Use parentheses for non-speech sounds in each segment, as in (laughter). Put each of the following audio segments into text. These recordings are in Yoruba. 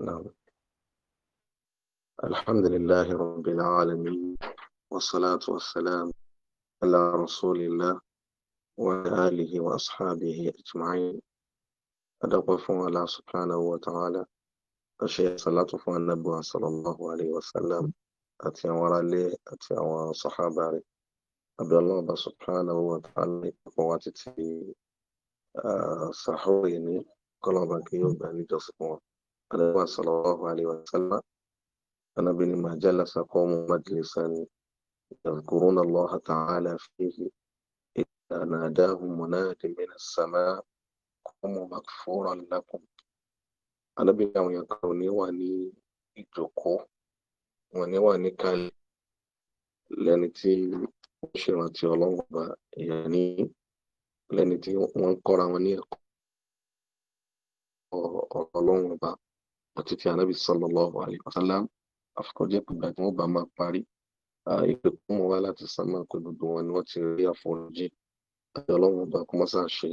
نعم الحمد لله رب العالمين والصلاة والسلام على رسول الله وعلى آله وأصحابه أجمعين أدقف على سبحانه وتعالى الشيخ صلى النبي صلى الله عليه وسلم أتي ورا لي أتي ورا صحابي عبد الله سبحانه وتعالى قواتي أه صحوني كل كيوب أني تصفون anabi sallallahu alaihi wasallam anabi ni ma jalasa qawmu majlisan yadhkuruna allaha ta'ala fihi illa nadahum munadi min as-samaa qawmu maghfuran lakum anabi ni àwọn yàtọ̀ ò ní wà ní ìjókòó wọn ní wà ní kalẹ̀ lẹ́ni tí ó ṣèrántí ọlọ́run ọba èèyàn ní lẹ́ni tí wọ́n ń ọba àti ti ànábì sallallahu alaihi wasallam àfikọ́jẹ́ pé ìgbà tí wọ́n bá máa parí ìpè fún wọn wá láti sánmà pé gbogbo wọn ni wọ́n ti rí àforíjì àti ọlọ́run ọba kó mọ́sá ṣe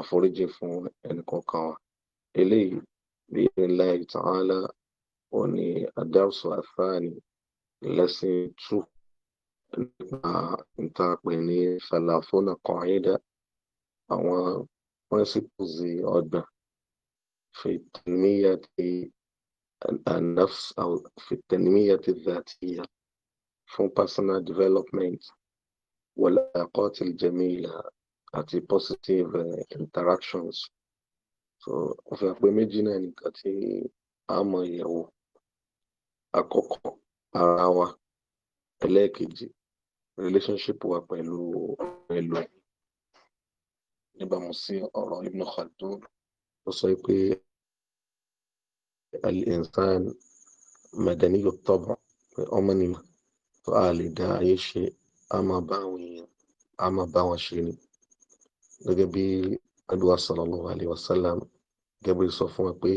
àforíjì fún ẹnìkọ̀ọ̀kan wa eléyìí bí Allah ta'ala ó ní adáwùsọ àfáàní lẹ́sìn tù nípa ìtàpẹ̀ ní falafona kọ̀ọ̀yẹ́dá àwọn principles ọgbà في تنمية النفس أو في التنمية الذاتية fún personal development والعلاقات الجميلة àti positive uh, interactions so ó fi hàn pé méjì náà nìkan tí a mọ ìyẹ̀wò àkọ́kọ́ ara wa ẹlẹ́ẹ̀kejì relationship wa pẹ̀lú ẹlòmíì níbàámu sí ọ̀rọ̀ Ibn Khaldun sọ pé al-insan madaniyu at-tab' pé ọmọ ni tó a lè dá ayé ṣe a máa bá àwọn èèyàn a máa bá wọn ṣe ni gẹ́gẹ́ bí adúwà sallallahu alayhi wa sallam gẹ́gẹ́ bí sọ fún wa pé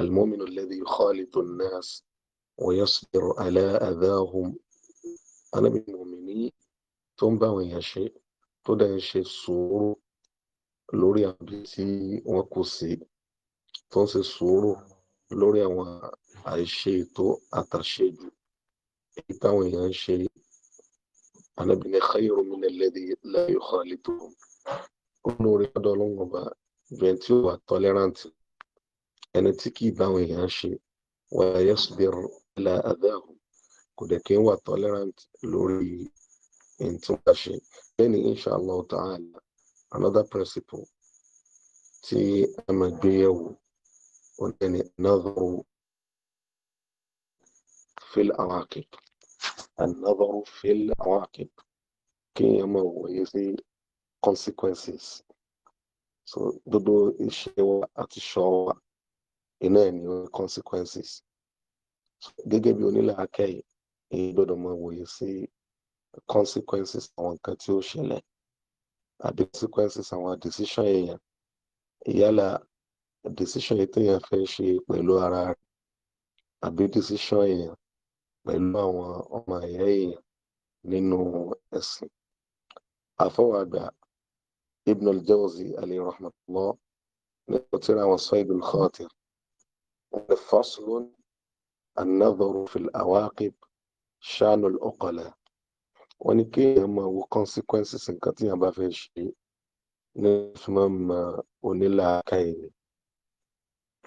al-mu'minu alladhi yukhalitu an-nas wa yasbiru ala adhahum anábìnrin tó ń bá àwọn èèyàn ṣe tó dẹ̀ ń ṣe sùúrù lórí àbí tí wọ́n kù sí tó ń ṣe sùúrù lórí àwọn àìṣe ètò àtàṣejù èyí táwọn èèyàn ń ṣe Ànábì ní khayru min alladhi la yukhalituhum olórí ọ̀dọ̀ Ọlọ́run ọba bẹ́ẹ̀ tí ó wà tolerant ẹni tí kì í báwọn èèyàn ṣe wala yasbir ala adahum kò dẹ̀ kí ń wà tolerant lórí ẹni tí wọ́n ṣe bẹ́ẹ̀ ni insha Allah ta'ala another principle tí a máa gbé yẹ̀wò wọn ni another fil awakib another fil awakib kí a máa wòye sí consequences so gbogbo iṣẹ́ wa àti ṣọ́ wa iná ẹ̀ ní consequences gẹ́gẹ́ bí onílàákẹ́yìn èyí gbọ́dọ̀ máa wòye sí consequences àwọn nǹkan tí ó ṣẹlẹ̀ àbí consequences àwọn decision èèyàn yálà decision yìí téèyàn fẹ́ ṣe pẹ̀lú ara rẹ̀ àbí decision èèyàn pẹ̀lú àwọn ọmọ ẹ̀yà èèyàn nínú ẹ̀sìn. àfọwàgbà ibn al-jawzi alayhi rahmatullah nípa tí àwọn Sayd al-Khatir faslun an-nadharu fil awaqib sha'nu al-uqala wọ́n ní kéèyàn máa wo consequences nǹkan tí yàn bá fẹ́ ṣe ní fi máa ma onílàáká ẹni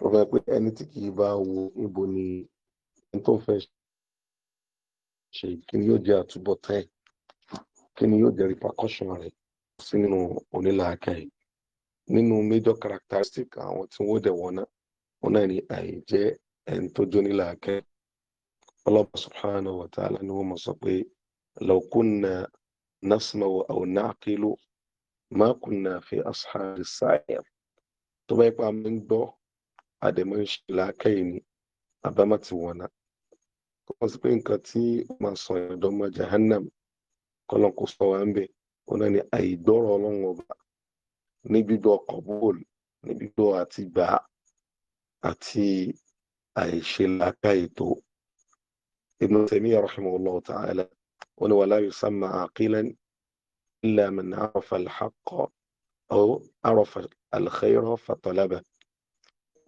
wọ́n fẹ́ pé ẹni tí kì í bá wo níbo ni ẹni tó fẹ́ ṣe kí ni yóò jẹ́ àtúbọ̀tán ẹ̀ kí ni yóò jẹ́ repercussion rẹ̀ sí nínú onílàáká ẹ̀ nínú major characteristic àwọn tí wọ́n dẹ̀ wọ́n náà wọ́n náà ni àìjẹ́ ẹni tó jónílàáká ọlọ́pàá subhanahu wa ta'ala ni wọ́n mọ̀ sọ pé. لو كنا نسمع أو نعقل ما كنا في أصحاب السعير tó bá yẹ pé a máa ń gbọ́ àdèmọ́ṣe làákẹ́yìn ni àbámá ti wọ̀nà kó wọ́n sì pé nǹkan tí máa sọ ìrọ̀dọ́ ọmọ jahannam kọ́lọ́n kò sọ wá ń bẹ̀ ó náà ni àìgbọ́rọ̀ ọlọ́run ọba ní gbígbọ́ kọ̀bọ́ọ̀l ní gbígbọ́ àti gbà á àti àìṣe làákàyè tó Ibn Taymiyyah rahimahullahu ta'ala ولا يسمى عاقلا إلا من عرف الحق أو عرف الخير فطلبه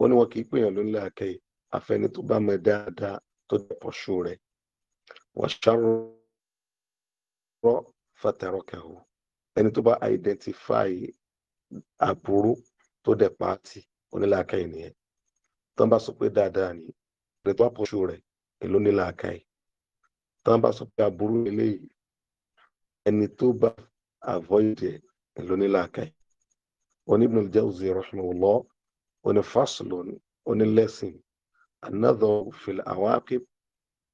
wọ́n ní wọ́n kì í pèèyàn ló ń lé àkẹ́ yìí àfẹ́ni tó bá mọ dáadáa tó dẹ̀pọ̀ ṣó rẹ̀ wọ́n ṣàrọ̀ fàtàrọ̀kẹ̀wò ẹni tó bá identify aburú tó dẹ̀pọ̀ àti onílàákẹ́ yìí nìyẹn tó ń bá sọ pé dáadáa ni ẹni tó bá pọ̀ ṣó rẹ̀ èló nílàákẹ́ yìí tán bá sọ pé aburú eléyìí ẹni tó bá avoid ẹ lónílàákàyè oní Ibn al-Jawzi oní faslon oní lesson another fil awaqib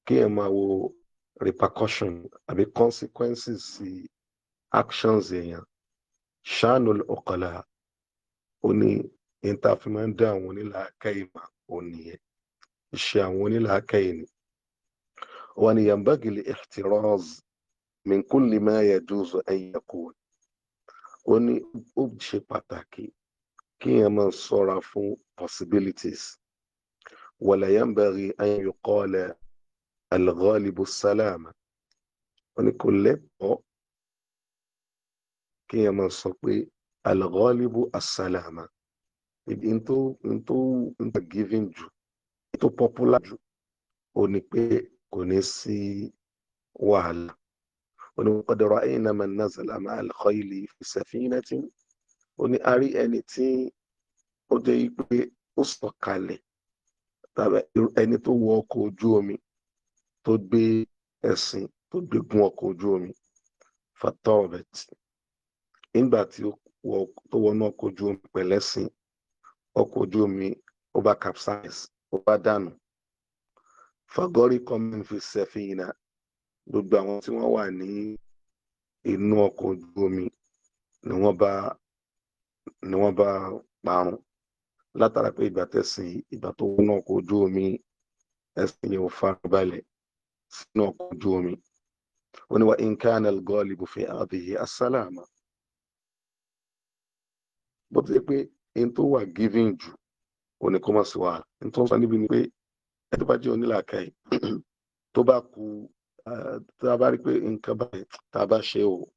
kí ẹ máa wo repercussion àbí consequences sí actions èèyàn shanul uqala oní interfimanda àwọn onílàákàyè mà ò nìyẹn iṣẹ́ àwọn onílàákàyè ni. وأن ينبغي الاحتراز من كل ما يجوز أن يكون وني ní ó كي pàtàkì kí èèyàn possibilities ولا ينبغي أن يقال الغالب السلام وني ní kò lẹ́tọ̀ọ́ kí èèyàn الغالب السلام n tó n tó n tó given popular جو وني kò ní sí wàhálà ó ní qad ra'ayna man nazala ma'al khayli fi safinatin ó ní a rí ẹni tí ó jẹ́ pé ó sọ̀kalẹ̀ tàbí ẹni tó wọ ọkọ̀ ojú omi tó gbé ẹ̀sìn tó gbé gun ọkọ̀ ojú omi fatawbet nígbà tí ó wọnú ọkọ̀ ojú omi pẹ̀lẹ́sìn ọkọ̀ ojú omi ó bá capsize ó bá dànù fagori kọmin fi sẹfìnà gbogbo àwọn tí wọ́n wà ní inú ọkọ̀ ojú omi ni wọ́n bá ni wọ́n bá parun látara pé ìgbà tẹ̀sìn ìgbà tó wọnú ọkọ̀ ojú omi ẹ̀sìn yẹn ò sínú ọkọ̀ ojú omi ó ní wa nǹkan algọ́ọ̀lì kò fi asálàmà bó ti ṣe pé n tó wà giving jù ò ní wàhálà n tó ń sọ níbi ni pé ẹni tó bá jẹ́ onílàkàyè tó bá ku tá a bá rí pé nǹkan báyìí tá a bá ṣe o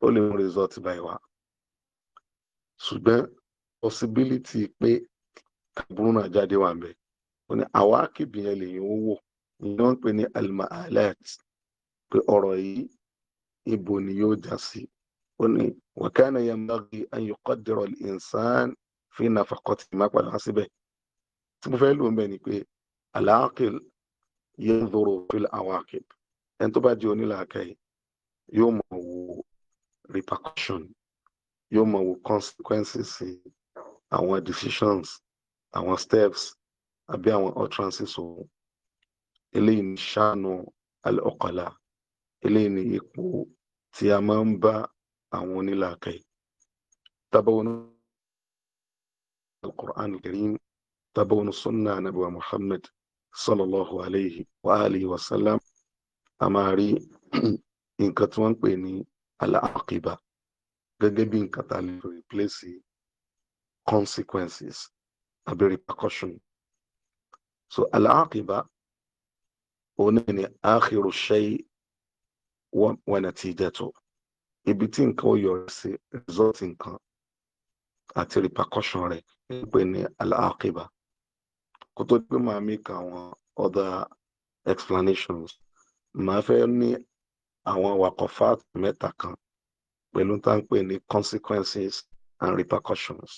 ó lè mú result báyìí wá ṣùgbọ́n possibility pé àbúrò náà jáde wà mẹ́ ó ní àwa kìbì yẹn lèyìn ó ìyẹn wọ́n pè ní alma alert pé ọ̀rọ̀ yìí ibo ni yóò já sí ó ní wàkánà yẹn mọ́gì an yuqaddira al-insan má padà síbẹ̀ tí mo fẹ́ lò ń bẹ̀ ni pé aláàkìl ينظر في awaqib ẹni بعد bá di onílàákàyè yóò máa repercussion yóò máa consequences àwọn decisions àwọn steps àbí àwọn utterances òun eléyìí ní ṣàánú al-uqala eléyìí ní ipò tí a máa ń bá àwọn onílàákàyè tábàwọn al-Qur'an al-Karim tábàwọn sunna nabi Muhammad sallallahu alayhi wa alihi wa sallam a máa rí (clears throat) nǹkan tí wọ́n ń pè ní al gẹ́gẹ́ bí nǹkan tá a lè replace consequences àbí repercussion so al-aqiba òun náà ni akhiru shay wa natijatu ibi tí nǹkan ó yọrí sí result nǹkan àti repercussion rẹ̀ ń pè ní al kó tó pé màá make àwọn other explanations màá fẹ́ ní àwọn wakọ̀fàt mẹ́ta kan pẹ̀lú tá ní consequences and repercussions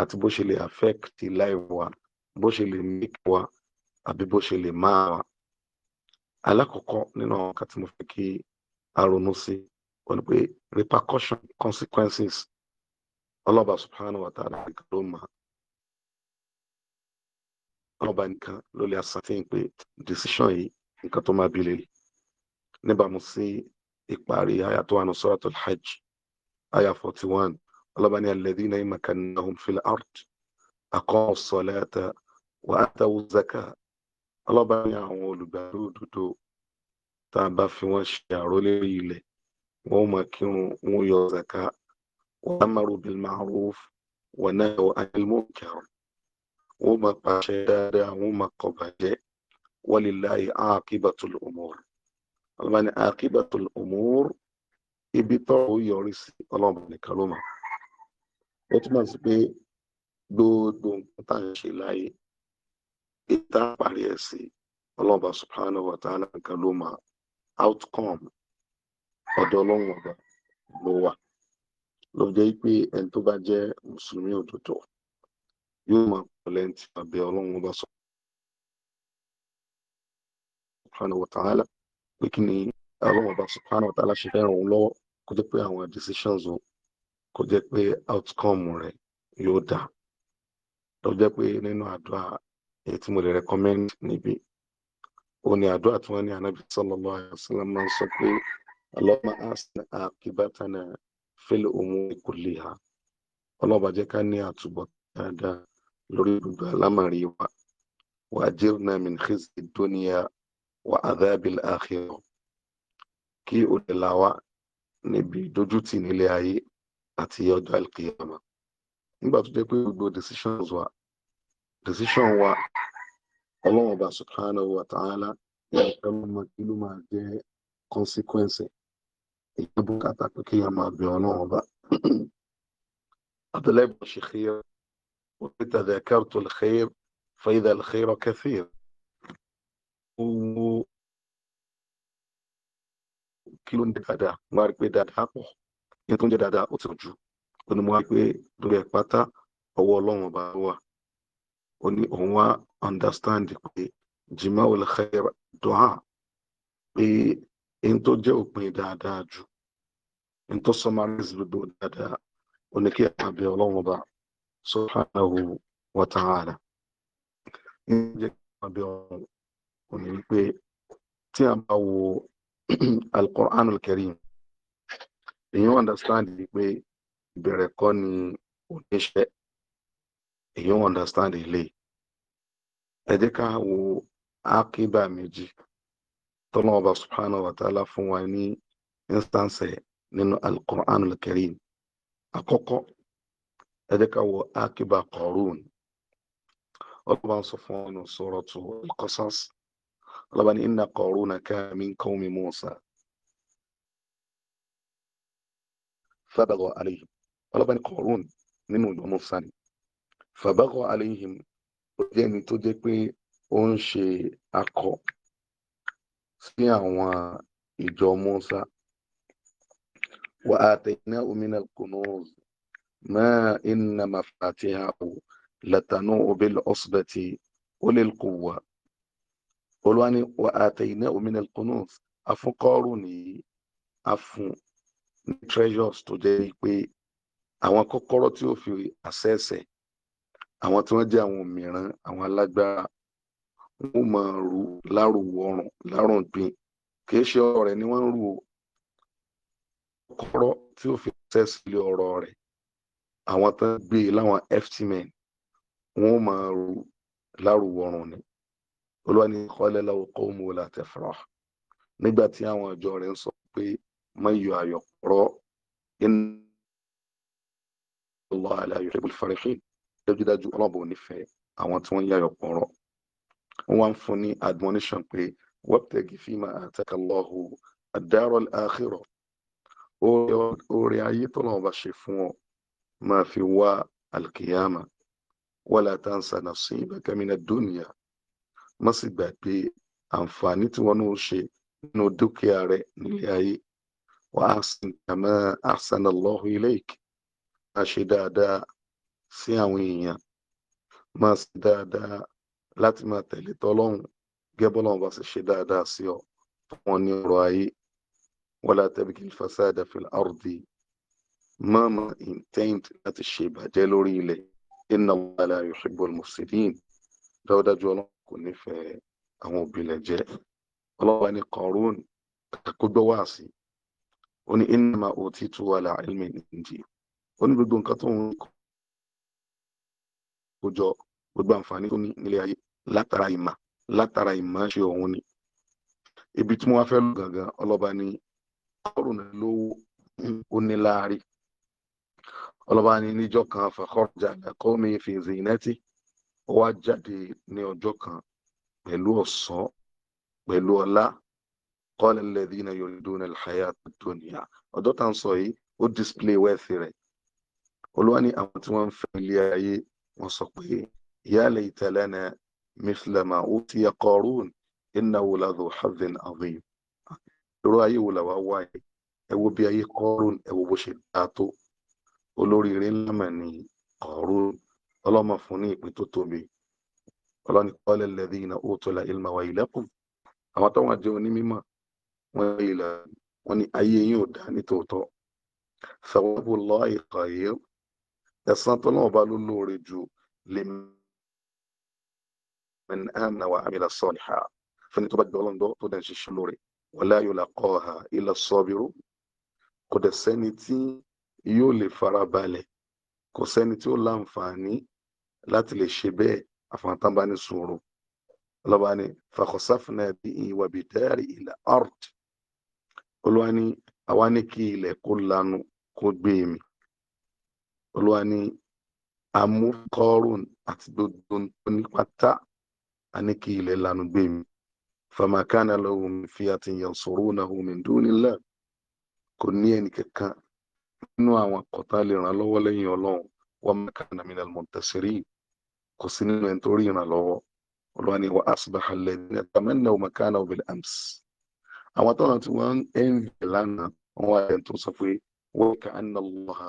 àti bó ṣe lè affect life wa bó ṣe lè make wa àbí bó ṣe lè máa wa. alákọ̀ọ́kọ́ nínú àwọn kan tí mo fẹ́ kí a ronú sí wọ́n pé repercussion consequences ọlọ́ba subhanahu wa ta'ala ló máa ọba nìkan ló lè asàfihàn pé decision yìí nǹkan tó máa bí lè níbàámu sí ìparí àyà tó wà ní suratul hajj àyà forty one ọlọ́ba ní alladhina in makannahum fil ard aqamu salata wa atawu zaka ọlọ́ba ní àwọn olùgbàlú òdodo tá a bá fi wọ́n ṣe àrólé ilẹ̀ wọ́n máa kírun wọ́n yọ zaka wa amaru bil ma'ruf wa nahaw anil munkar wọ́n máa pàṣẹ dáadáa wọ́n máa kọ̀ bàjẹ́ walillahi aqibatul umur alamani aqibatul umur ibi tọ́rọ̀ yọrí sí ọlọ́ọ̀bà nìkan ló mọ̀ ó túmọ̀ sí pé gbogbo nǹkan tá à ń ṣe láyé ìta parí ẹ̀ sí ọlọ́ọ̀bà subhanahu wa ta'ala nìkan ló mọ̀ outcome ọ̀dọ̀ ọlọ́run ọ̀gá ló wà ló jẹ́ pé ẹni tó bá jẹ́ mùsùlùmí òdodo yóò máa lẹ́yìn tí a bẹ ọlọ́run ọba sọ subhanahu wa ta'ala pé kí ni ọlọ́run ọba subhanahu wa ta'ala ṣe fẹ́ ràn òun lọ́wọ́ kó jẹ́ pé àwọn decisions o kó jẹ́ pé outcome rẹ̀ yóò dà tó jẹ́ pé nínú àdúrà èyí tí mo lè recommend níbi ó ní àdúrà tí anabi sallallahu alayhi wa sallam allahumma ahsin aqibatana fil umuri kulliha ọlọ́ọ̀bà jẹ́ ká ní àtúbọ̀ dáadáa lórí gbogbo alámàrí wa wàjírnà min khizi dúníà wà adábìl àkhírà kí o lè là wá níbi dójútì nílé ayé àti ọjọ́ alkiyama nígbà tó jẹ́ pé gbogbo decisions wa decision wa ọlọ́run ọba subhanahu wa ta'ala yóò fẹ́ mọ́ kí ló máa jẹ́ consequence èyí bùkátà pé kí a máa bẹ̀ ọlọ́run ọba abdullahi وتذاكرت الخير فإذا الخير كثير kí ló ń jẹ dáadáa mo wá rí pé dáadáa pọ̀ ní tó ń jẹ dáadáa ó ti jù ó ní mo wá rí pé lórí ẹ̀ pátá ọwọ́ ọlọ́run ọba wà ó ní òun wá understand pé jimá olùkhair dùhà pé ẹni tó jẹ́ òpin dáadáa jù ẹni tó sọmarí ìsìlódò dáadáa ó ní kí àbẹ̀ ọlọ́run ọba subhanahu wa ta'ala ǹjẹ́ àbí ọ̀run kò ní wípé tí a bá wo (clears throat) al-Qur'an al-Karim èyí ń understand wípé ìbẹ̀rẹ̀ kọ́ ni oníṣẹ́ èyí ń understand ilé ẹ jẹ́ ká wo akíbà méjì tọ́lọ́wọ́ bá subhanahu wa ta'ala fún wa ní instance nínú al-Qur'an al-Karim àkọ́kọ́ ẹ̀dẹ́ ká wọ akiba Qarun ọlọ́ba ń sọ fún ọ́nà suratu al-Qasas ọlọ́ba ní inna Qaruna kana min qawmi Musa fabagha alayhim ọlọ́ba ní Qarun nínú ìlú Musa ni fabagha alayhim ó jẹ́ ẹni tó jẹ́ pé ó ń ṣe akọ sí àwọn ìjọ Musa wa ataynahu minal kunuz. ما إن مفاتيحه لتنوء بالعصبة أولي القوة olùwàní wa àtẹ̀yìnà òmìnira kùnúùf afúnkọ́rù ní treasures to jẹ́ pé àwọn kọ́kọ́rọ́ tí ó fi àṣẹ́ẹ̀ṣẹ̀ àwọn tí wọ́n jẹ́ àwọn mìíràn àwọn alágbára wọn máa rú láròwọ ọrùn kì í ṣe ọ̀rẹ́ ni wọ́n ń rú o kọ́kọ́rọ́ tí ó fi àṣẹ́ẹ̀ṣẹ̀ lé ọ̀rọ̀ rẹ̀ àwọn tó ń gbé e láwọn ft men wọn ò máa ro lárùwọrùn ni olúwa ní kọ́lẹ́ láwọn kọ́ mú la tẹ fọ́rọ̀ nígbà tí àwọn ìjọ rẹ̀ ń sọ pé má yọ ayọ̀ pọ̀rọ̀ inú ọlọ́ àlàyé rẹ̀ fàrẹ́fẹ́ dájúdájú ọlọ́bù nífẹ̀ẹ́ àwọn tí wọ́n ń yàyọ̀ pọ̀rọ̀ wọ́n wá ń fún ní admonition pé wabtagi fima ataka Allahu ad-dara al-akhirah oore bá ṣe fún ọ máa fi wá alkiyama wala tansa nasibaka mina dunya má sì gbàgbé àǹfààní tí wọ́n ń ṣe nínú dúkìá rẹ nílé hmm. ayé wa ahsin kama ahsana Allahu ilayk máa ṣe dáadáa sí àwọn èèyàn máa ṣe dáadáa láti máa tẹ̀lé tọ́lọ́hún gẹ́bọ́lọ́hún bá sì ṣe dáadáa sí ọ fún ọ ní ọrọ̀ ayé wala tabghi al-fasada fil ardi mama intent láti ṣe ìbàjẹ́ lórí ilẹ̀ inna Allaha la yuhibbul mufsidin dáwọ́dájú ọlọ́run kò nífẹ̀ẹ́ àwọn òbílẹ̀ jẹ́ ọlọ́wà ní Qarun kàkógbọ́ wá sí ó ní innama utitu ala ilmin indi ó ní gbogbo nǹkan tó ń kó jọ gbogbo àǹfààní tó ní nílé ayé látara ìmọ̀ látara ìmọ̀ ṣe òun ni ibi tí wọ́n fẹ́ lọ gangan ọlọ́ba ní Qarun lówó ó ní láàárín ọlọ́ba ní níjọ́ kan fàkọ́jà ẹ̀kọ́mi fìzìnẹ́tì ó wá jáde ní ọjọ́ kan pẹ̀lú ọ̀ṣọ́ pẹ̀lú ọlá kọ́lẹ̀ lẹ́dí iná yóò dún ní àyà tó níyà ọjọ́ tá à ń sọ yìí ó display wealth rẹ̀ olúwa ní àwọn tí wọ́n ń fẹ́ ilé ayé wọ́n sọ pé ìyá lè tẹ̀lé ní mísílẹ̀mà ó ti yẹ kọ́rún iná wo la dùn hàvin àvìn ayé wo làwa wáyé ẹ bí ayé kọ́rún ẹ bó ṣe dáa tó olóríire ńlá mà ní ọ̀run ọlọ́mọ fún ní ìpín tó tóbi ọlọ́ni qala alladhina utul ilma waylakum àwọn tó wà jẹ́ onímọ̀ wọ́n ilẹ̀ wọ́n ní ayé yín ò dá nítòótọ́ thawabullahi khair ẹ̀san tó náà bá ló lóore ju liman amana wa amila saliha fẹ́ni tó bá jẹ́ ọlọ́ndọ́ tó dẹ̀ ń ṣiṣẹ́ lóore wala yulaqaha illa as-sabiru kò dẹ̀ sẹ́ni tí yóò lè farabalẹ̀ kò sẹ́ni tí ó láǹfààní láti lè ṣe bẹ́ẹ̀ àfọ̀ntánbá ní sùúrù ọlọ́ba ni fàkọsáfìnà bí ìwà bìtẹ́rì ilẹ̀ art olúwa ni àwa ní kí ilẹ̀ kó lanu kó gbé mi olúwa ni amúkọrùn àti gbogbo onípátá a ní kí ilẹ̀ lanu gbé mi famakana lahum min fiyatin yansurunahum min dunillah kò ní ẹnì kankan nínú àwọn kọ̀tà lè ràn lọ́wọ́ lẹ́yìn ọlọ́run wọ́n máa kàn mí nà mọ̀tẹ́sẹ̀rì kò sí nínú ẹni tó rí ìrànlọ́wọ́ olúwa ni wà á sì bá halẹ̀ ní ẹ̀tàmẹ́nà ọmọ kánà ọ̀bẹ̀ àms. àwọn tọ́nà tí wọ́n ń bẹ̀ lánàá wọ́n wá ẹ̀ tó sọ pé wọ́n kà á nà lọ́ha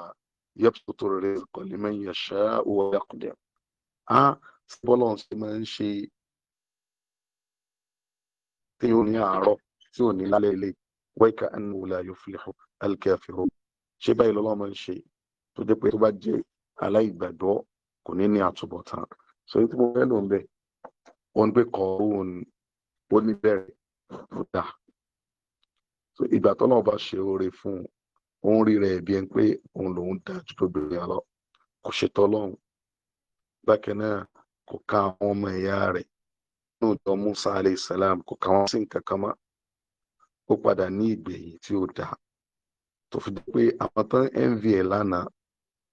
yẹ́pù tó rẹ̀ kọ̀lí mẹ́yìn ẹ̀ṣá owó ẹ̀kúndẹ̀. a bọ́lọ̀ ṣe máa ń ṣe tí ò ní àárọ̀ tí ò ní lálẹ́ ilé wọ́n kà á nà wọ́lá ṣé báyìí lọ́lọ́run máa ń ṣe tó jẹ́ pé tó bá jẹ́ aláìgbàgbọ́ kò ní ní àtúbọ̀tán so ní tí mo fẹ́ lò ń bẹ̀ wọ́n gbé kọ́ òun ó ní bẹ̀rẹ̀ ó dà so ìgbà tó náà bá ṣe oore fún un òun rí rẹ̀ bí ẹni pé òun lòun dá ju tó bèrè lọ kò ṣètò ọlọ́run bákan náà kò ka àwọn ọmọ ẹ̀yà rẹ̀ nínú ìjọ Musa alayhi salam kò ka wọn sí nǹkan kan mọ́ ó padà ní ìgbẹ̀yìn tí ó dáa to fi dé pé àwọn tó ń mva lánàá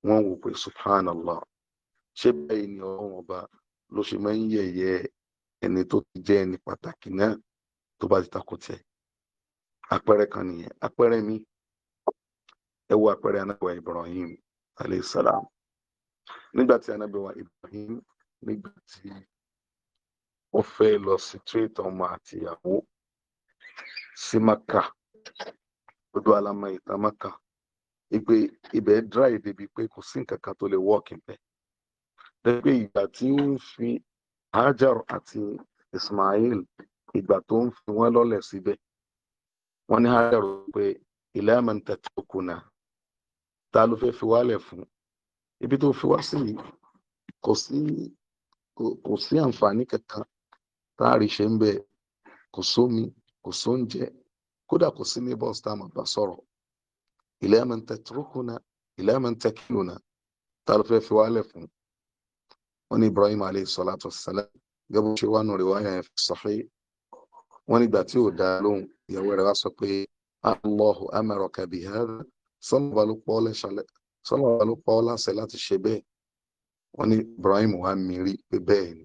wọ́n wò pé subhanallah ṣé báyìí ni ọlọ́run ọba ló ṣe máa ń yẹ̀yẹ́ ẹni tó ti jẹ́ ẹni pàtàkì náà tó bá ti takò tiẹ̀ àpẹẹrẹ kan nìyẹn àpẹẹrẹ mi ẹ wo àpẹẹrẹ anábìwá Ibrahim aleyhisalaam nígbà tí anábìwá Ibrahim nígbà tí ó fẹ́ lọ sí tírétà ọmọ àti sí Maka odò alamọ ìtàmọ kan ìpè ibẹ̀ dry débi pé kò sí nǹkan kan tó lè work ibẹ̀ dẹgbẹ ìgbà tí ó ń fi Hajar àti Ismail ìgbà tó ń fi wọn lọ́lẹ̀ síbẹ̀ wọn ní Hajar pé ilé àmọ níta tí ó kùnà ta ló fẹ́ fi wálẹ̀ fún ibi tó fi wá sí yìí kò sí kò sí àǹfààní kankan tá a rí ṣe ń bẹ kò sómi kò sóúnjẹ kódà kò sí neighbors tá a máa bá sọ̀rọ̀ ila man tatrukuna ila man takiluna tá ló fẹ́ fi wálẹ̀ fún wọn ní Ibrahim alayhi salatu wassalam gẹ́gẹ́ bó ṣe wà nù riwaya yẹn fi sahih wọn nígbà tí ò dá lóhùn ìyàwó rẹ̀ wá sọ pé Allahu amaraka bihadha sọ́nà ló pọ́ láṣẹ láti ṣe bẹ́ẹ̀ wọ́n ní Ibrahim wa mi pé bẹ́ẹ̀ ni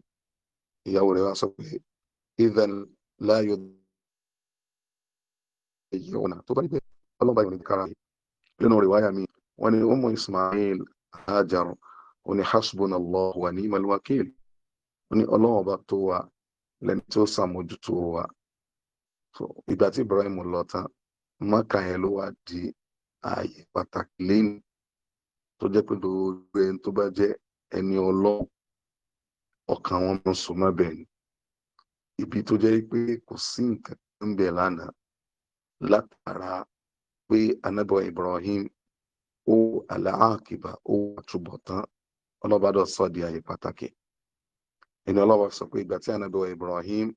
ìyàwó rẹ̀ wá sọ pé even láyò يجيئون تضرب اللهم بين الكرام لأنه رواية من وأن أم إسماعيل هاجر وأن حسبنا الله ونعم الوكيل وأن الله بطوع لن توسم وجتوع ìgbà tí Ibrahim lọ tán Mọ́kà yẹn ló wà di ààyè pàtàkì lẹ́nu tó ọkàn wọn ni ibi tó pé kò sí nǹkan látara pé anábọ̀ Ibrahim ó ala ó àtúbọ̀tán ọlọ́bàdọ̀ sọ di àyè pàtàkì ẹni ọlọ́wà sọ pé ìgbà tí Ibrahim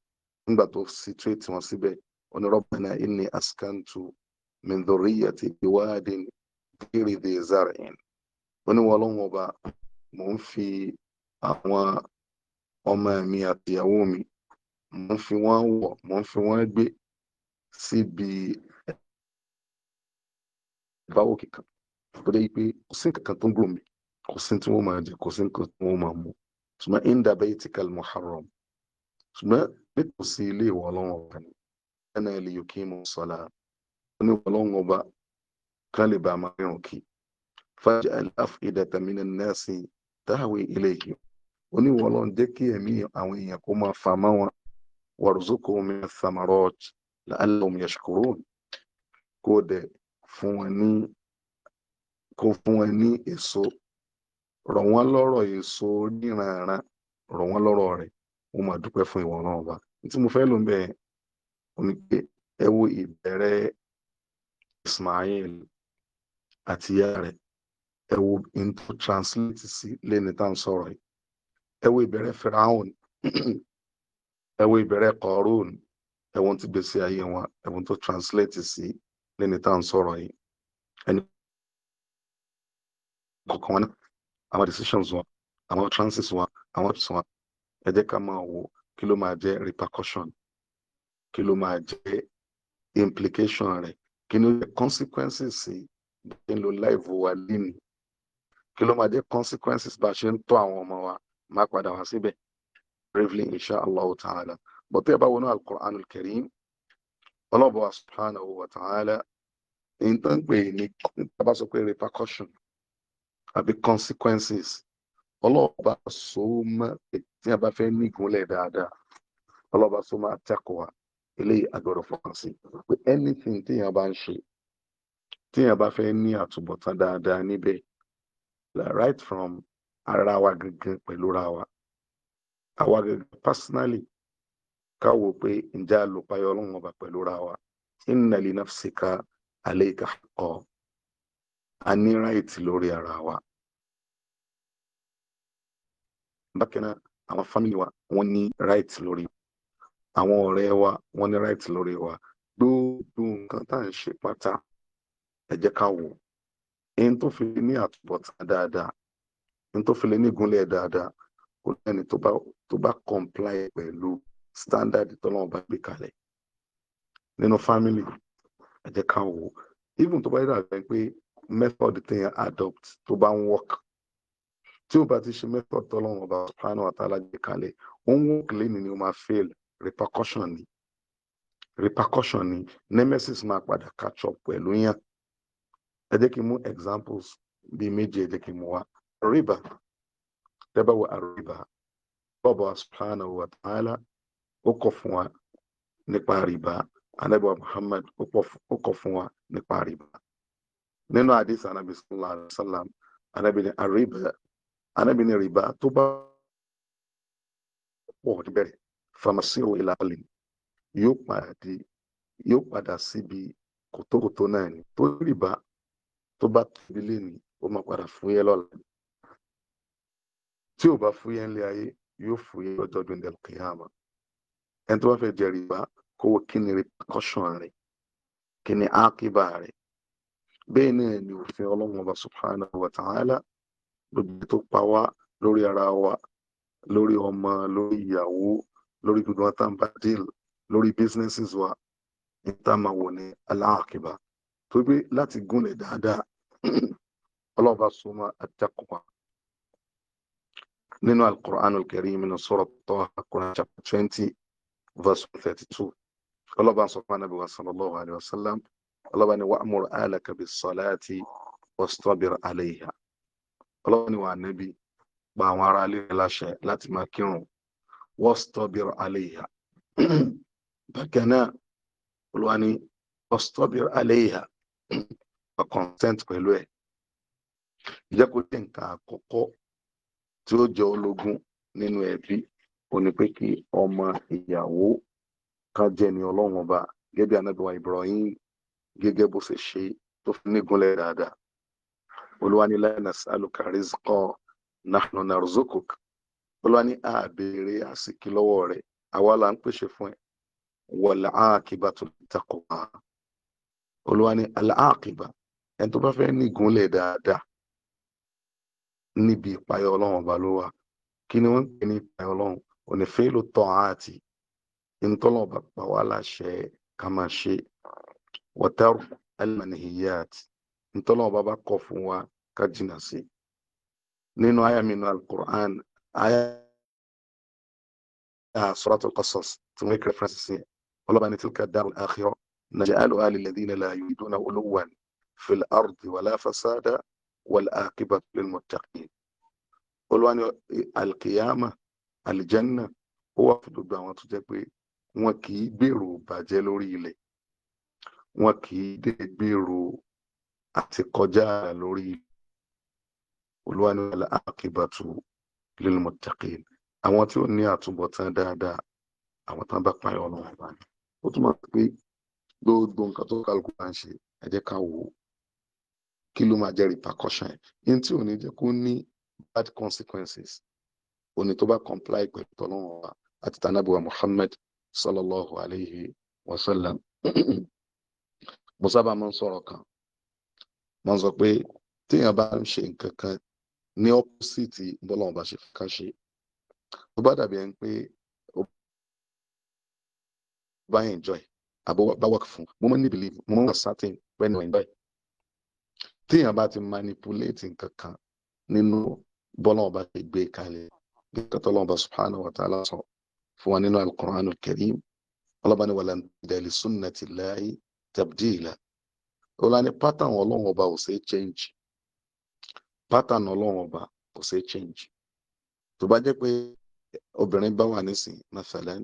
nígbà tó situate wọn síbẹ̀ onírọ́bìnrin inni askantu min dhurriyyati biwadin ghairi dhi zar'in dị ọba mò ń fi àwọn ọmọ mi mi mò ń síbi ìbáwò kíkan tó dé pé kò sí nǹkan kan tó ń gbòm mi kò sí tí wọ́n máa jẹ kò sí nǹkan tí wọ́n máa mú ṣùgbọ́n inda baytikal muharram ṣùgbọ́n nítòsí ilé ìwọ ọlọ́run ọba ni ẹnà ilé yòókì mú sọlá ní ìwọ ọlọ́run ọba kan lè bá a máa rìn kí faj'al af'idata minan nasi tahwi ilayhim oníwọ ọlọ́run jẹ́ kí ẹ̀mí àwọn èèyàn kó máa fà máa wọn warzuqhum min la'allahum yashkurun kó dẹ̀ fún wọn ní kó fún wọn ní èso rọ̀ wọ́n lọ́rọ̀ èso níranran rọ̀ wọ́n lọ́rọ̀ rẹ̀ wọ́n máa dúpẹ́ fún ìwọ náà Ismail àti ìyá rẹ̀ ẹ into translate si lẹ́ni tá à ń sọ̀rọ̀ yìí ẹ wo Firaun (clears throat) ẹ wo ìbẹ̀rẹ̀ ẹ̀wọ̀n ti gbèsè ayé wọn ẹ̀wọ̀n tó translate sí lẹ́ni tá à ń sọ̀rọ̀ yìí ẹni kọ̀ọ̀kan wọn àwọn decisions wọn àwọn chances wọn àwọn options wọn ẹ jẹ́ ká máa wò kí ló máa jẹ́ repercussion kí ló máa jẹ́ implication rẹ̀ kí ló jẹ́ consequences sí bí n lo life wa lénìí kí ló máa jẹ́ consequences bá a ṣe ń tọ́ àwọn ọmọ wa máa padà wá síbẹ̀ bravely insha ta'ala bọ̀tẹ́ bá wọnú al-Qur'an al-Karim ọlọ́bọ̀ subhanahu wa ta'ala ní tó ń pè ní bá sọ pé repercussion àbí consequences ọlọ́ọ̀bá so mọ́ tí a bá fẹ́ ní ìgúnlẹ̀ dáadáa ọlọ́ọ̀bá so mọ́ àtẹ́kọ̀ọ́ eléyìí agbọ́dọ̀ fọkàn sí pé anything téèyàn bá ń ṣe téèyàn bá fẹ́ ní àtúbọ̀tán dáadáa níbẹ̀ right from ara wa gangan pẹ̀lú ra wa àwa personally ká wò pé ǹjẹ́ alùpàyọ ọlọ́run ọba pẹ̀lú ra wa inna li nafsika alayka haqqan a ní ráìtì lórí ara wa. bákan náà àwọn fámìlì wa wọ́n ní ráìtì lórí wa àwọn ọ̀rẹ́ wa wọ́n ní ráìtì lórí wa gbogbo nǹkan tá à ń ṣe pátá ẹ jẹ́ ká wò ẹni tó fi ní àtúbọ̀tán dáadáa ẹni tó fi lè ní ìgúnlẹ̀ dáadáa kò lẹ́ni tó bá comply pẹ̀lú standard tọ́lọ́wọ́n bá gbé kalẹ̀ nínú family ẹ jẹ́ ká wò even tó bá yẹ dàgbẹ́ pé method téèyàn adopt tó bá ń work tí o bá ti ṣe method tọ́lọ́wọ́n ọba subhanahu wa ta'ala gbé kalẹ̀ ó ń work lẹ́nu ni o máa fail repercussion ni repercussion ni nemesis máa padà catch up pẹ̀lú yàn ẹ jẹ́ kí n mú examples bíi méjì ẹ jẹ́ kí n mú wa riba tẹ́bá wo àríbá bọ́ọ̀bù subhanahu wa ta'ala Ụkọ kọ̀ fún nípa Muhammad ụkọ nípa rìbá nínú àdìsí ànábì sallallahu alaihi wasallam ànábì ní àríbá ànábì ní rìbá tó bá pọ̀ níbẹ̀rẹ̀ famasiru ìlàlẹ yóò yóò padà síbi kòtòkòtò náà ni tó rìbá tó bá tóbi ó máa padà fúyẹ́ lọ́la tí ò bá fúyẹ́ ńlẹ̀ ayé yóò ẹni tó bá fẹ́ jẹ rìbá kó wo kí ni repercussion rẹ̀ kí ni ákíbà rẹ̀ bẹ́ẹ̀ náà ni òfin ọlọ́run ọba subhanahu wa ta'ala gbogbo tó pa wá lórí ara wa lórí ọmọ lórí ìyàwó lórí gbogbo wa tá n bá deal lórí businesses wa ní wò ní aláàkíbà tó gbé láti gúnlẹ̀ dáadáa ọlọ́ọ̀bá súnmọ́ àtẹ́kùnwá nínú al-Qur'an al-Karim nínú Taha Qur'an chapter twenty verse thirty two ọlọ́ba sọ fún anábìwá sallallahu alayhi wa sallam ọlọ́ba ni wa'mur ahlaka bis-salati wastabir alayha ọlọ́ba ni wà nẹ́bí pa àwọn ará ilé láṣẹ láti máa kírun wastabir alayha (clears throat) bákan náà ìjẹ́ (clears throat) kó jẹ́ nǹkan àkọ́kọ́ tí ó jẹ́ ológun nínú ẹbí ó ní pé kí ọmọ ìyàwó kan jẹ́ ni ọlọ́run ọba gẹ́gẹ́ ànábì Ibrahim gẹ́gẹ́ bó ṣe ṣe tó fi nígunlẹ̀ dáadáa olúwa ní la nas'aluka rizqan nahnu narzukuk olúwa ní àbèrè àsìkí lọ́wọ́ rẹ̀ àwa là ń pèsè fún ẹ wal aqibatu taqwa olúwa ní al aqiba ẹni tó bá fẹ́ nígunlẹ̀ dáadáa níbi ìpayọ̀ ọlọ́run ọba ló wà kí ni wọ́n ń pè ní ìpayọ̀ ọlọ́run òní fílù tọ́àtì ìntọ́lọ̀ bàbá wa láṣẹ ká máa ṣe wọ́tẹ́rù ẹlẹ́mẹ̀nìhìyàtì ìntọ́lọ̀ bàbá kọ̀ fún wa ká jìnnà sí nínú àyà mi nínú alukur'an àyà suratul qasas tí wọ́n kiri fẹ́rẹ́nsì sí ọlọ́ba ní tilka darul akhirah naj'aluha lilladhina la yuriduna uluwan fil ardi wala fasada wal aqibatu lil muttaqin olùwà ní alkiyama àlìjánná ó wà fún gbogbo àwọn tó jẹ́ pé wọn kì í gbèrò bàjẹ́ lórí ilẹ̀ wọn kì í dé gbèrò àti kọjá lórí olúwa ní wàhálà àkìbàtú lilmuttaqin àwọn tí ó ní àtúbọ̀tán dáadáa àwọn tán bá parí ọ̀nà wọn bá ó túmọ̀ sí pé gbogbo nǹkan tó kálukú máa ń ṣe ẹ jẹ́ ká wò ó kí ló máa jẹ́ repercussion ẹ̀ ní tí ò ní jẹ́ kó ní bad consequences oní tó bá comply pẹ̀lú ọlọ́run wa àti tànàbíwá Muhammad sallallahu alayhi wa sallam mo sábà máa ń sọ̀rọ̀ kan máa ń sọ pé téèyàn bá ń ṣe nǹkan kan ní ọ́pọ́sìtì bọ́lọ́run bá ṣe ká ṣe tó bá dàbí ẹni pé ó bá enjoy àbó bá work fún mo máa ń ní believe mo máa ń wà certain when you enjoy téèyàn bá ti manipulate nǹkan kan nínú bọ́lọ́run bá ṣe gbé kalẹ̀ kọtọlọmọba subhana wa ta'ala sọ fún wa nínú alukur'an karim ọlọ́ba ni wàlá dẹ̀lì sunnati láì tabdila ọlá ni pátán ọlọ́run ọba ò ṣe é change pátán ọlọ́run ọba ò ṣe é change tó bá jẹ́ pé obìnrin bá wà nísìn nàfẹ̀lẹ́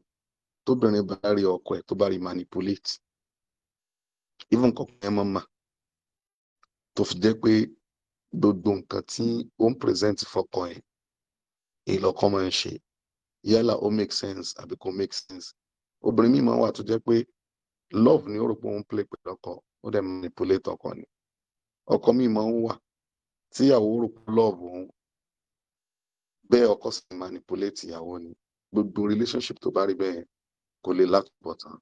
tóbìnrin bá rí ọkọ ẹ̀ tó bá rí manipulate even kọ̀ọ̀kan ẹ̀ mọ̀ mà tó fi jẹ́ pé gbogbo nǹkan tí ó ń present fọkọ ẹ̀ ìlọ́kọ́ máa ń ṣe yálà ó make sense àbí kò make sense obìnrin míì máa wà tó jẹ́ pé love ni ó rò pé òun play pẹ̀lú ọkọ ó dẹ̀ manipulate ọkọ ni ọkọ míì máa ń wà tíyàwó rò pé love òun bẹ́ẹ̀ ọkọ sì manipulate ìyàwó ni gbogbo relationship tó bá rí bẹ́ẹ̀ kò lè látúbọ̀tán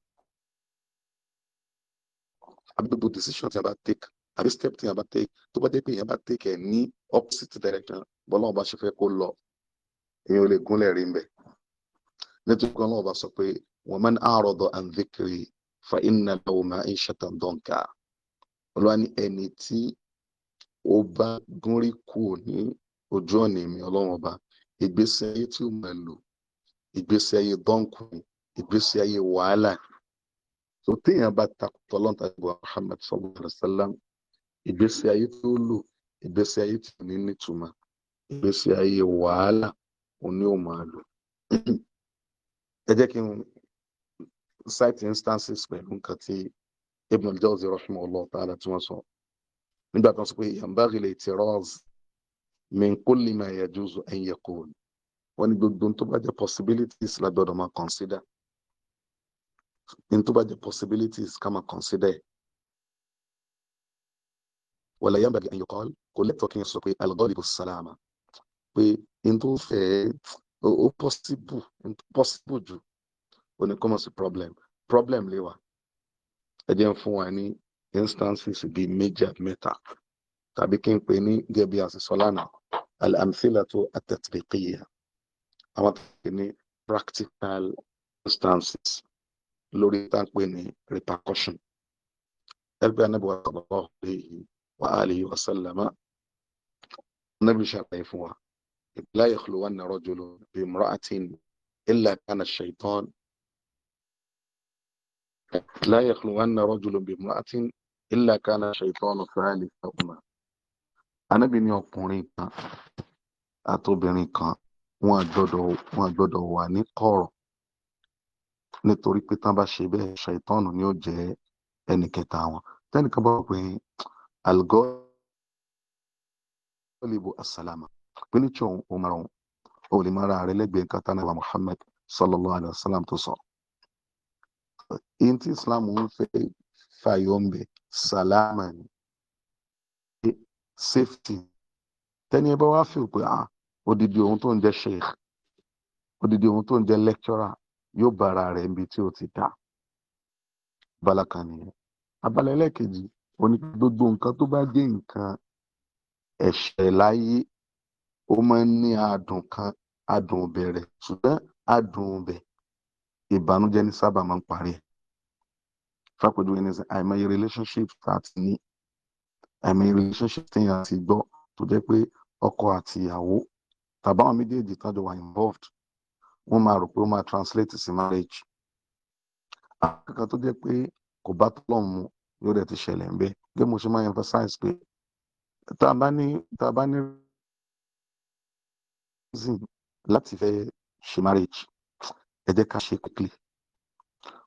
àbí gbogbo decision tí a bá take àbí step tí a bá take tó bá jẹ́ pé èèyàn bá take ẹ̀ ní opposite direction bọ́lá ọba ṣe fẹ́ kó lọ èèyàn ò lè gúnlẹ̀ rí mbẹ nítorí kan náà ọba sọ pé wa man a'rada and dhikri for inna olúwa ni ẹni tí ó bá gúnrí ní ojú ọ̀nà ọba ìgbésí ayé tí ó máa lò ìgbésí ayé dọ́ǹkù ìgbésí ayé wàhálà tó téèyàn bá takùtọ̀ ìgbésí ayé tí ó lò ìgbésí ayé tí ò òun ni ó máa lò ẹ jẹ́ kí n cite instances pẹ̀lú nǹkan tí Ibn al-Jawzi rahimahullah ta'ala tí wọ́n sọ nígbà tó ń sọ pé yanbaghi al-i'tiraz min kulli ma yajuzu an yakun wọ́n ní gbogbo tó bá jẹ́ possibilities la gbọ́dọ̀ máa consider tó bá jẹ́ possibilities ká máa consider wala yanbaghi an yuqal kò lẹ́tọ̀ọ́ kí n sọ pé al-ghalibu salama pé n tó fẹ́ ó possible n tó possible jù ó ní kọ́mọ̀ sí problem problem lè wà ẹ jẹ́ ń fún wa ní instances bíi méjì àti mẹ́ta tàbí kí n pè ní gẹ́bí àṣìṣọ́lánà al-amthilatu at-tatbiqiyya àwọn tó practical instances lórí tá à ń pè ní repercussion ẹgbẹ́ anábìwá sallallahu alayhi wa alihi wa sallama anábìwá ṣàlàyé fún لا يخلون رجل بامرأة إلا كان الشيطان لا يخلون رجل بامرأة إلا كان الشيطان ثالثهما Ànábì أنا ọkùnrin kan àtobìnrin kan wọn àgbọ́dọ̀ wọn àgbọ́dọ̀ wà ní kọ̀rọ̀ nítorí pé tán bá ṣe bẹ́ẹ̀ ṣàìtọ́nù ni ó jẹ́ ẹnì kẹta wọn tẹ́nìkan bá wọ́n pé algọ́ ọ̀lẹ́bù asálámà pínlẹ̀tsọ̀ o mara wọn o lè mara rẹ lẹ́gbẹ̀ẹ́ nǹkan tánà wa Muhammad sallallahu alayhi wa sallam tó sọ. in ti Islam ń fẹ́ fàyọ̀ ń bẹ̀ sàlámà ni safety tẹ́ni ẹ bá wá fi pé ah odidi ohun tó ń jẹ́ sheikh odidi ohun tó ń jẹ́ lecturer yóò bára rẹ̀ níbi tí ó ti dá abala nìyẹn abala ẹlẹ́ẹ̀kejì ó nǹkan tó bá jẹ́ nǹkan ẹ̀ṣẹ̀ láyé ó máa ń ní adùn kan adùn ìbẹ̀rẹ̀ ṣùgbọ́n adùn ibẹ̀ ìbànújẹ́ ní sábà máa ń parí ẹ̀ fàpèjúwe ní sẹ́ àìmọye relationship tá a ti ní àìmọye relationship tí a ti gbọ́ tó jẹ́ pé ọkọ àti ìyàwó tàbáwọn méjèèjì tájọ wà involved wọ́n máa rò pé ó máa translate sí marriage akẹ́kọ̀ọ́ tó jẹ́ pé kò bá tọ́lọ́run mu yóò dẹ̀ ti ṣẹlẹ̀ ń bẹ́ẹ̀ gẹ́gẹ́ mo ṣe máa emphasize pé tá a bá ní tá a bá ní láti fẹ́ ṣe marriage ẹ jẹ́ ká ṣe quickly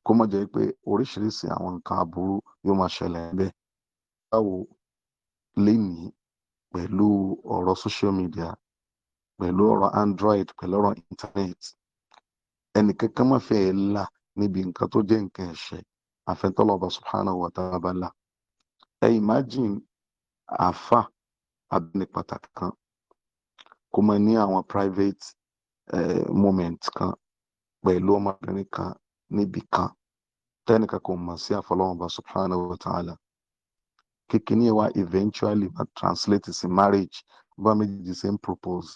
kó má jẹ́ pé oríṣiríṣi àwọn nǹkan aburú yóò máa ṣẹlẹ̀ níbẹ̀ báwo lénìí pẹ̀lú ọ̀rọ̀ social media pẹ̀lú ọ̀rọ̀ android pẹ̀lú ọ̀rọ̀ internet ẹnìkankan má fẹ́ là níbi nǹkan tó jẹ́ nǹkan ẹ̀ṣẹ̀ àfẹ́tọ́lọ́ba subhanahu wa ta'ala ẹ imagine àáfà abẹ́ni pàtàkì kan kó máa ní àwọn private uh, moment kan pẹ̀lú ọmọbìnrin kan níbì kan tẹ́nìkan kò mọ̀ sí àfọlọ́wọ́nba subhanahu wa ta'ala kékeré yẹn wá eventually ma translate sí marriage bá méjèèjì ṣe ń propose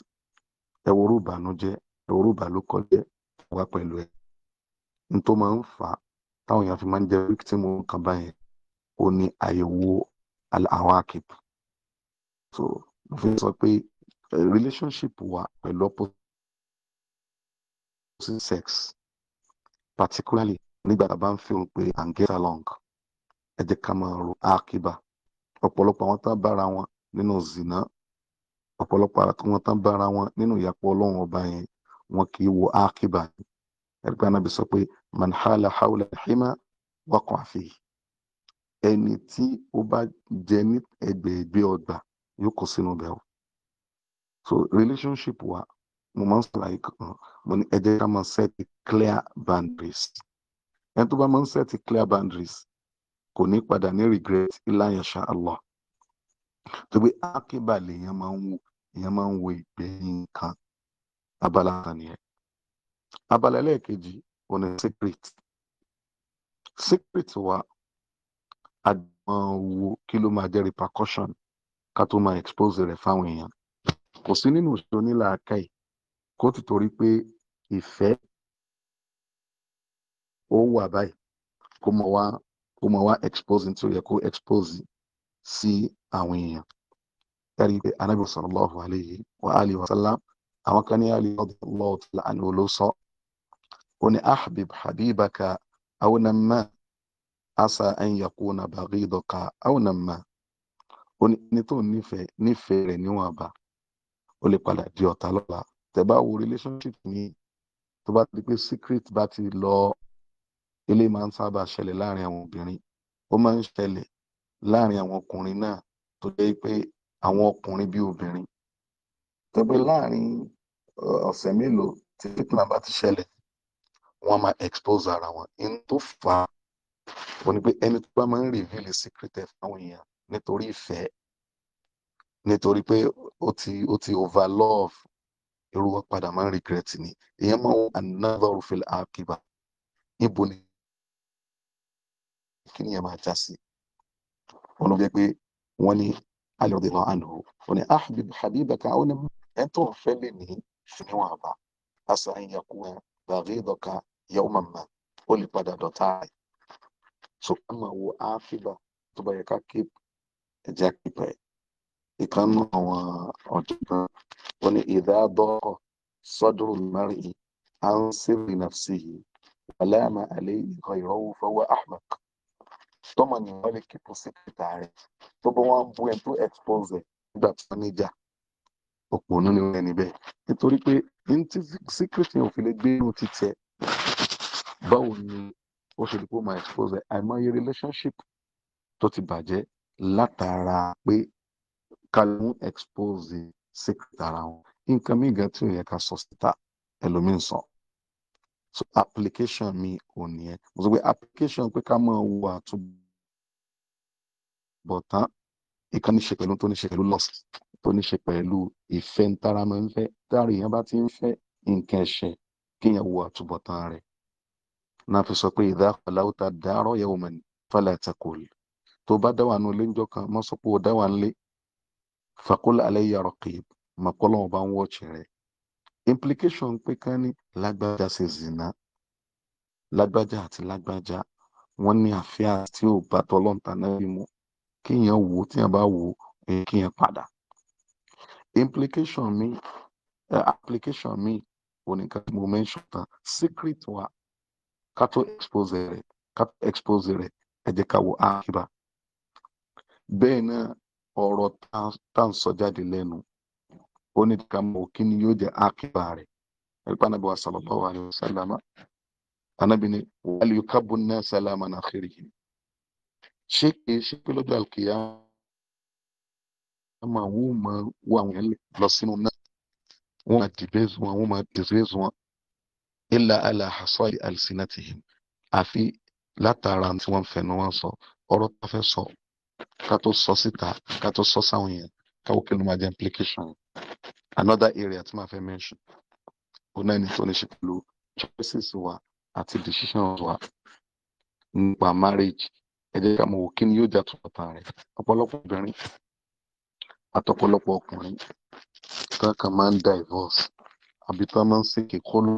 ẹwúrú ìbànújẹ́ ẹwúrú ìbàlúkọjẹ wá pẹ̀lú ẹ nítorí máa ń fà á táwọn èèyàn fi máa ń jẹ victim kan báyẹn ó ní àyẹ̀wò àwọn akip so mo fi sọ pé relationship wa pẹ̀lú opposite sex particularly nígbà tá a bá ń fi hàn pé and get along ẹ jẹ́ ká máa ro àkíbà ọ̀pọ̀lọpọ̀ àwọn tá a bára wọn nínú zina ọ̀pọ̀lọpọ̀ àwọn tá a bára wọn nínú ìyàpọ̀ ọlọ́run ọba yẹn wọn kì í wo àkíbà yẹn ẹgbẹ́ anábì sọ pé manhala haula hima wakọ̀ àfi ẹni tí ó bá jẹ ní ẹgbẹ̀ẹ́gbẹ́ ọgbà yóò kó sínú bẹ́ẹ̀ o so relationship wa moments like when sàlàyé kan set clear boundaries and to bá máa ń set clear boundaries kò ní padà ní regret iláyàṣá allah tó gbé ákébà lèèyàn máa ń wo èèyàn máa ń wo ìgbẹ̀yìn abala kan abala ẹlẹ́ẹ̀kejì òní secret secret wa àdìmọ̀ kilo ma ló máa jẹ́ repercussion ká expose rẹ̀ fáwọn kò sí nínú òṣèlú onílàákàyè kó ti torí pé ìfẹ́ ó wà báyìí kó mọ wá kó mọ wá expose ní tó yẹ kó expose sí àwọn èèyàn ẹ̀rí pé anábì sallallahu alayhi wa alihi wa sallam àwọn kan ní àlè radiyallahu ta'ala anhu ló sọ ó ní ahbib habibaka aw namma asa an yakuna baghidaka aw namma ó ní tó nífẹ̀ẹ́ nífẹ̀ẹ́ rẹ̀ níwọ̀nba ó lè padà di ọ̀tá lọ́la tẹ́ bá wo relationship ní tó bá di pé secret bá ti lọ ilé máa ń sábà ṣẹlẹ̀ láàrin àwọn obìnrin ó máa ń ṣẹlẹ̀ láàrin àwọn ọkùnrin náà tó jẹ́ pé àwọn ọkùnrin bí obìnrin tó pé láàrin eh, ọ̀sẹ̀ mélòó tí fitna bá ti ṣẹlẹ̀ wọ́n máa expose ara wọn in tó fà á wọ́n ní pé ẹni tó bá máa ń reveal secret ẹ̀ fáwọn èèyàn nítorí ìfẹ́ nítorí pé ó ti ó ti overlove irú wọn padà máa ń regret ni ìyẹn máa ń another rufil akiba ibo ni kí ni ẹ máa já sí wọn ló jẹ pé wọn ní Ali radiyallahu anhu wọn ní ahbib habibaka ó ní ẹ tó ń fẹ́ lè ní níwọ̀n àbá aṣọ àyìnyàkú ẹ bàrí ìdọ̀ka yẹ ọmọ ó lè padà dọ̀tá ẹ so ẹ máa wo akiba tó bá yẹ ká keep ẹ jẹ́ keep ẹ ìkan nínú àwọn ọ̀jọ̀gbọ́n ó ní ìdá dọ́rọ̀ sọ́dúró márì à ń sírì nàfsì yìí wàlámà àlẹ́ ìkọ̀ ìrọ́wù fọwọ́ ahmaq tọ́mọ ni wọ́n lè kíkọ́ sí kìtà rẹ̀ tó bọ́ wọn bú ẹ tó expose ẹ̀ nígbà tí wọ́n níjà òpònú ni wọ́n ẹni bẹ́ẹ̀ nítorí pé ní ti secret yẹn ò fi lè gbé irú títẹ báwo ni ó ṣe lè kó máa expose ẹ̀ àìmọye relationship tó ti bàjẹ́ látara pé kàlùmù expose secret ara wọn nǹkan mi gan tí ò yẹ ká sọ síta ẹlòmíì sọ so application mi ò nìyẹn mo sọ pé application pé ká máa wo àtúbọ̀tán ìkan ní ṣe pẹ̀lú tó ní ṣe pẹ̀lú lọ́sì tó ní ṣe pẹ̀lú ìfẹ́ ntara máa ń fẹ́ dárí èèyàn bá ti ń fẹ́ nǹkan ẹ̀ṣẹ̀ kéèyàn wo àtúbọ̀tán rẹ̀ náà fi sọ pé ìdá àpàláwùtà dárọ̀ yẹ̀wò mẹ́ni fẹ́lẹ̀ tẹ̀kọ̀ọ́lì tó bá dáwà nù lé ńjọ́ kan mọ́ sọ pé ó dáwà ńlé fakul alayya raqib mọ̀kọ́lọ́wọ́ bá ń wọ́ọ̀chì rẹ̀ implication pé ká ní lágbájá ṣe zina lágbájá àti lágbájá wọ́n ní àfíà tí ò bá tọ́lọ́ǹtà náà bí mu kéèyàn wò ó tíyàn bá wò ó kéèyàn padà implication mi uh, application mi oníkan tí mo mention tán secret wa ká tó expose rẹ̀ ká tó expose rẹ̀ ẹ jẹ́ ká wo àkíbá bẹ́ẹ̀ náà ọ̀rọ̀ tá ń sọ jáde lẹ́nu ó ní ká mọ̀ kí ni yóò jẹ́ àkíbà rẹ̀ ẹ̀rípa anábì wa sallallahu alaihi wasallam anábì ni wàhálì yóò kábò ní sálámà náà kiri yìí ṣé kìí ṣe pé lọ́jọ́ àlùkìyà á máa wú máa wú àwọn yẹn lọ sínú náà wọ́n máa dìbẹ́sù wọn wọ́n máa dìbẹ́sù wọn ilà àlà àṣọ àlìsínà tìhìn àfi látara tí wọ́n fẹnu wọn sọ ọ̀rọ̀ tó fẹ́ sọ ká tó sọ síta ká tó sọ sáwọn èèyàn káwọ kí ló implication another area tí màá fẹ́ mention ó náà ní tó ní ṣe pẹ̀lú choices wa àti decisions wa nípa marriage ẹ jẹ́ ká mọ̀ wò kí ni yóò jà tó bàtà rẹ̀ ọ̀pọ̀lọpọ̀ obìnrin àtọ̀pọ̀lọpọ̀ ọkùnrin tá a kàn máa ń divorce àbí tá a máa ń ṣèké kọ́lọ̀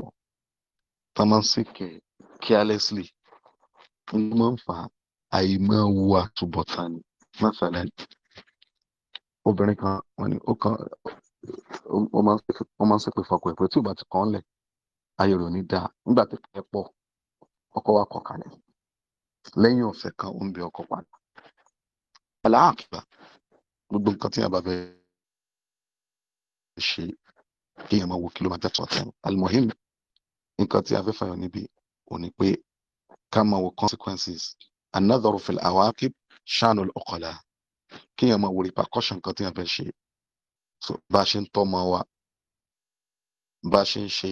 tá a máa ń ṣèké carelessly ló máa ń fa àìmọ̀ wo àtúbọ̀tán ni مثلا obìnrin kan wọ́n ní ó kan ó máa ń ṣépè fọ́kọ ẹ̀ pé tí ò bá ti kàn án lẹ̀ ayé rẹ̀ ò ní dáa nígbà tó fẹ́ pọ̀ ọkọ wa kọ̀ kalẹ̀ lẹ́yìn ọ̀sẹ̀ kan ó ń bẹ ọkọ padà aláàkìlá gbogbo nǹkan tí yàrá bá fẹ́ ṣe kí èèyàn máa wo kìlómítà tọ̀tẹ̀ alimohim nǹkan tí a fẹ́ fàyọ níbi ò ní pé ká máa wo consequences another of our akib ṣáànù ọkọlá kí èèyàn máa wò repercussion kan tí èèyàn fẹ́ ṣe so bá a ṣe ń tọ́mọ wa bá a ṣe ń ṣe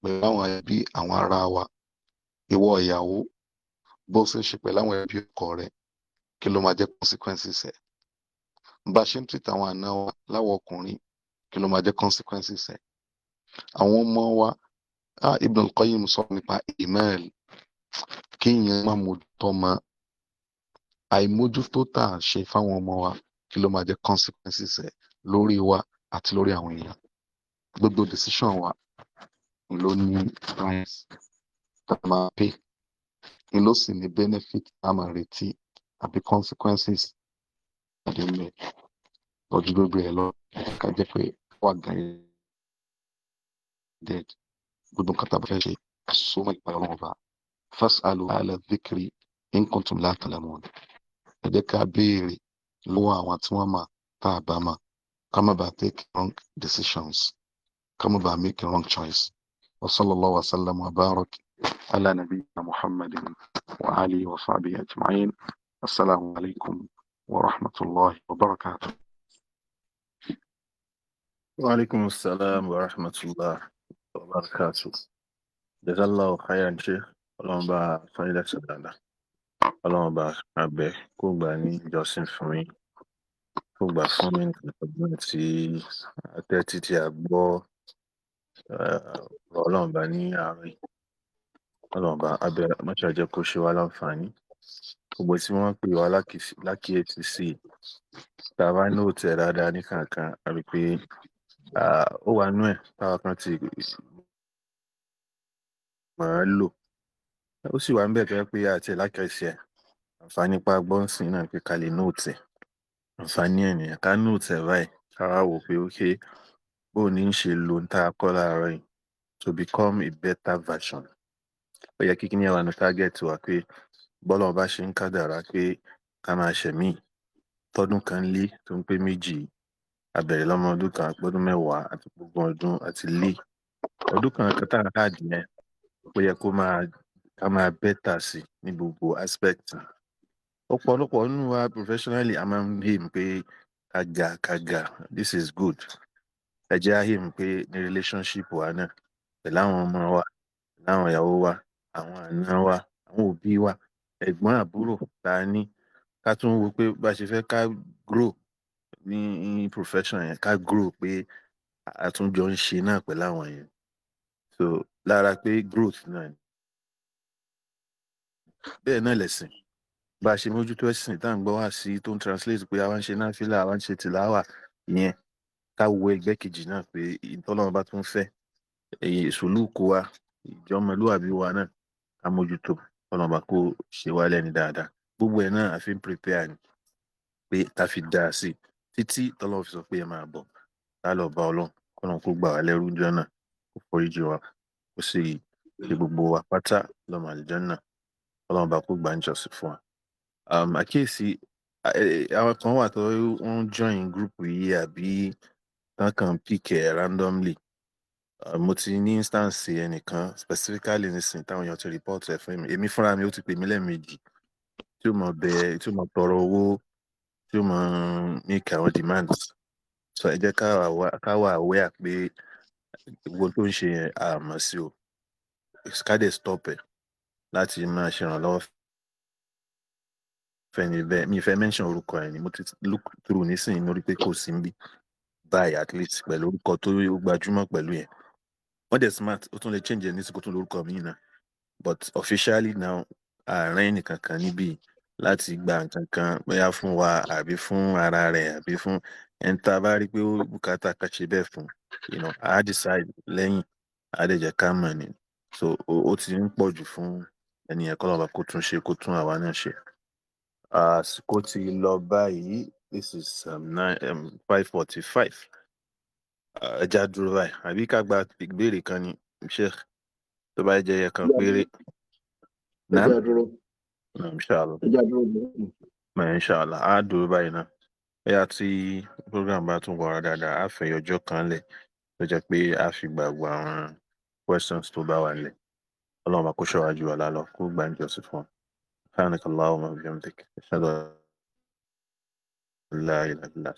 pẹ̀lú àwọn ẹbí àwọn ará wa ìwọ ìyàwó bó ṣe ń ṣe pẹ̀lú àwọn ẹbí ọkọ rẹ kí ló máa jẹ́ consequences ẹ̀ bá a ṣe ń treat àwọn àna wa láwọ ọkùnrin kí ló máa jẹ́ consequences ẹ̀ àwọn ọmọ wa ah Ibn al sọ nípa email kí èèyàn máa mójútó ọmọ àìmójútó tá à ń ṣe fáwọn ọmọ wa kí ló máa jẹ consequences ẹ lórí wa àti lórí àwọn èèyàn gbogbo decision wa ló ní price tá a máa pay ni ló sì ní benefit tá a máa retí àbí consequences àdé mẹ lọ́jọ́ gbogbo ẹ lọ ká jẹ́ pé wà gan ẹ dead gbogbo nǹkan tá a bá fẹ́ ṣe ká so mọ́ ìpàdé ọlọ́run ọba fásitì àlọ́ in kuntum la ta'lamun. ẹ jẹ́ ká béèrè lọ́wọ́ àwọn tí wọ́n máa tá a bá mọ̀ ká má bàa take wrong decisions ká má bàa make wrong choice وصلى الله وسلم وبارك على نبينا محمد وآله وصحبه أجمعين السلام عليكم ورحمة الله وبركاته وعليكم السلام ورحمة الله وبركاته جزا الله خيرا شيخ اللهم بارك فإلى سلامه ọlọ́run ọba a bẹ̀ kó gbà ní ìjọsìn fún yín kó gbà fún mi nígbà tí a tẹ́tí tí a gbọ́ ọ̀rọ̀ eh, ọlọ́run ọba ní àárín ọlọ́run ọba a bẹ̀ mọ́ṣáà jẹ́ kó ṣe wá láǹfààní gbogbo tí wọ́n pè wá lákìyèsí sí tá a bá ní òtẹ̀ dáadáa ní kankan àbí pé ah, ó wà nú ẹ̀ táwa kan ti máa lò. Ó sì wà ńbẹ̀ tó jẹ́ pé a tiẹ̀ ẹ̀. Àǹfààní pa gbọ́ ńsìnyí náà ni pé ka lè nóòtì ẹ̀. Àǹfààní ẹ̀ nìyẹn. Ká nóòtì ẹ̀ báyìí, ká wá wò ó pé okay, bóo ní ń ṣe lo n tá a láàárọ̀ yìí to become a better version. Ó yẹ kí kiní yẹn wà nínú target wa pé bọ́lọ́run bá ṣe ń kádàrá pé ká máa ṣẹ̀míì tọ́dún kan lé tó ń pé méjì yìí, lọ́mọ ọdún kan, a mẹ́wàá, a tún ọdún, a lé. Ọdún kọ̀ọ̀kan tá à ń ó yẹ kó máa ká máa bẹ́tà sí ní gbogbo aspect ọ̀pọ̀lọpọ̀ nínú wa professionally a máa ń hìm pé kaga kaga this is good ẹ jẹ́ hìm pé ní relationship wa náà pẹ̀lú àwọn ọmọ wa pẹ̀lú àwọn ìyàwó wa àwọn àna wa àwọn òbí wa ẹ̀gbọ́n àbúrò tá a ní ká tún wo pé bá a ṣe fẹ́ ká grow ní profession yẹn ká grow pé àtúnjọ ń ṣe náà pẹ̀lú àwọn yẹn so lára pé growth náà ni bẹ́ẹ̀ náà lẹ̀sìn bá a ṣe mójútó ẹ̀sìn tá à ń gbọ́ wá sí tó ń translate pé àwa ń ṣe náfìlà àwa ń ṣe tìláwà ìyẹn ká wo ẹgbẹ́ kejì náà pé ìtọ́lọ́wọ́n bá tún fẹ́ ìṣòlùkù wa ìjọmọlúwàbí wa náà ká mójútó ọlọ́mọba kó ṣe wá lẹ́ni dáadáa gbogbo ẹ̀ náà àfi ń prepare ni pé ká fi dáa sí i títí tọ́lọ́wọ́ fi sọ pé ẹ máa bọ̀ tá lọ bá ọlọ́run kọ́nà kó gbà wá lẹ́rú jọ Ọlọ́run Ọba kó gbà á níjọsìn fún wa. Um, àkíyèsí, e, e, àwọn kan wà tó wọ́n join group yìí àbí tán kàn pick ẹ̀ randomly. Um, mo ti ní instance ẹnìkan specifically nísìnyí táwọn èèyàn ti report ẹ̀ fún mi. Èmi fúnra mi ó ti pè mí lẹ́ẹ̀mejì tí ó mọ̀ bẹ tí ó mọ̀ tọrọ owó tí ó mọ̀ make àwọn demands. So ẹ jẹ́ ká wà wa- ká aware pé gbogbo tó ń ṣe yẹn a mọ̀ sí o. Ká dẹ̀ stop ẹ̀ láti máa ṣèrànlọ́wọ́ fẹ́ni bẹ́ẹ̀ mi fẹ́ mention orúkọ ẹ̀ ni mo ti look through nísìnyí mo rí pé kò sí níbí báyìí at least pẹ̀lú orúkọ tó gbajúmọ̀ pẹ̀lú yẹn wọ́n dẹ̀ smart ó tún lè change ẹ̀ nísìnyí kó tún lórúkọ mi náà but officially now ààrẹ nìkan kan níbí láti gba nǹkan kan bóyá fún wa àbí fún ara rẹ̀ àbí fún ẹni tá a bá rí pé ó bùkátà ká ṣe bẹ́ẹ̀ fún you know i decide lẹ́yìn adéjẹ ká mọ̀ ni so ó ti ń pọ̀ jù fún ẹni yẹn kọ́ lọ́ba kó tún ṣe kó tún àwa náà ṣe àsìkò ti lọ báyìí this is um, nine um, five forty five ẹja dúró báyìí àbí ká gba ìbéèrè kan ní sheikh tó bá jẹ ẹyẹ kan péré náà inṣàlá inṣàlá á dúró báyìí náà ẹyà tí program bá tún wà dáadáa á kan lẹ̀ tó pé a fi gbàgbọ́ àwọn questions tó bá wà lẹ̀. اللهم كن شواجي ولا له كوك بانك يصفون سبحانك اللهم وبحمدك أشهد أن لا إله إلا أنت